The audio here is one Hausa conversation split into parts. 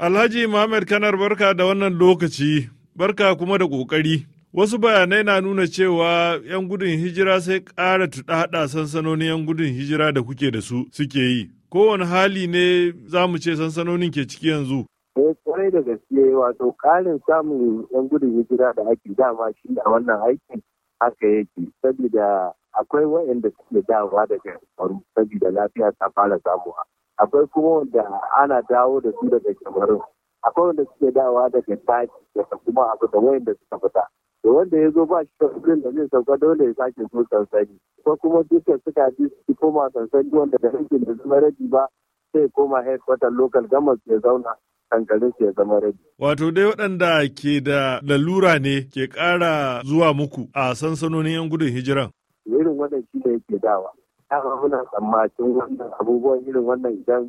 Alhaji Muhammad Kanar barka da wannan lokaci, barka kuma da ƙoƙari. Wasu bayanai na nuna cewa 'yan gudun hijira sai ƙara tuɗaɗa sansanonin 'yan gudun hijira da kuke da su suke yi. Kowane hali ne za mu ce sansanonin ke ciki yanzu. Eh, kwarai da gaske wato ƙarin samun 'yan gudun hijira da ake dama shi a wannan aikin haka yake. Saboda akwai waɗanda suke dawa daga faru saboda lafiya ta fara samuwa. akwai kuma wanda ana dawo da su daga kamarin akwai wanda suke dawa daga taki daga kuma abu da wayanda suka fita da wanda ya zo ba shi da kudin da zai sauka dole ya sake zo sansani ko kuma dukkan suka ji su koma sansani wanda da aikin da zama rabi ba sai koma headquarter local gamas ya zauna hankalin su ya zama rabi. Wato dai waɗanda ke da lalura ne ke ƙara zuwa muku a sansanonin 'yan gudun hijiran. Irin wannan shi ne yake dawa. dama muna tsammacin wannan abubuwan irin wannan idan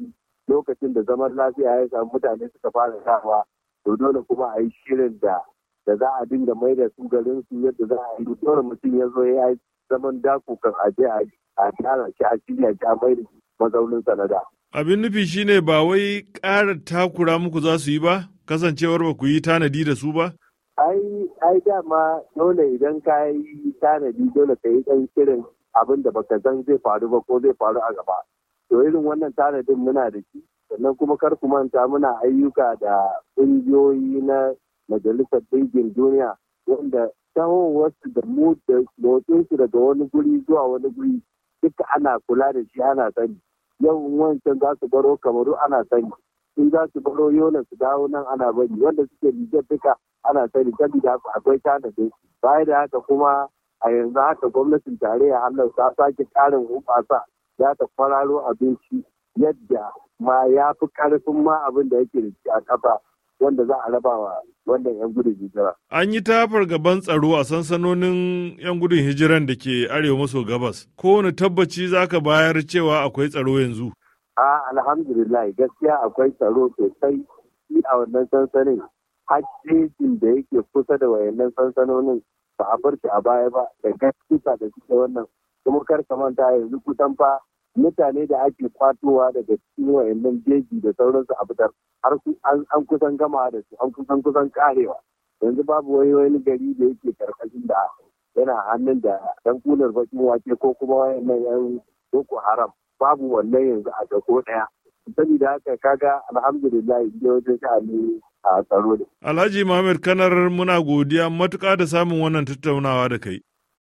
lokacin da zaman lafiya ya samu mutane suka fara sawa to dole kuma a yi shirin da da za a dinga mai da su garin su yadda za a yi dole mutum ya zo ya yi zaman dako kan aje a tara shi a shirya shi a mai da mazaunin sanada. Abin nufi shine ba wai ƙara takura muku za su yi ba kasancewar ba ku yi tanadi da su ba? Ai, ai dama dole idan ka yi tanadi dole ka yi ɗan shirin abin da baka san zai faru ba ko zai faru a gaba to irin wannan tanadin muna da shi sannan kuma kar ku manta muna ayyuka da ƙungiyoyi na majalisar ɗinkin duniya wanda tahowarsu da mu da motsinsu daga wani guri zuwa wani guri duka ana kula da shi ana sani yau wancan za su baro kamaru ana sani in za su baro yola su dawo nan ana bari wanda suke rijiyar duka ana sani sabida akwai tanadin baya da haka kuma a yanzu haka gwamnatin tarayya Allah ta sake ƙarin hubasa ya ta kwararo abinci yadda ma ya fi karfin ma abin da yake da a ƙasa wanda za a raba wa wannan 'yan gudun hijira. An yi tafar gaban tsaro a sansanonin 'yan gudun hijiran da ke arewa maso gabas. Kowane tabbaci za ka bayar cewa akwai tsaro yanzu? A alhamdulillah gaskiya akwai tsaro sosai a wannan sansanin. Hakkin da yake kusa da wayannan sansanonin ba a bar shi a baya ba da gaskiya da suke wannan kuma kar ka manta yanzu kusan fa mutane da ake kwatowa daga cikin wayannan jeji da sauransu a fitar har an kusan gama da su an kusan kusan karewa yanzu babu wani wani gari da yake karkashin da yana hannun da dan kular bakin wake ko kuma wayannan yan boko haram babu wannan yanzu a dako daya saboda haka kaga alhamdulillah inda wajen sha'ani a tsaro da. Alhaji Muhammad Kanar muna godiya matuƙa da samun wannan tattaunawa da kai.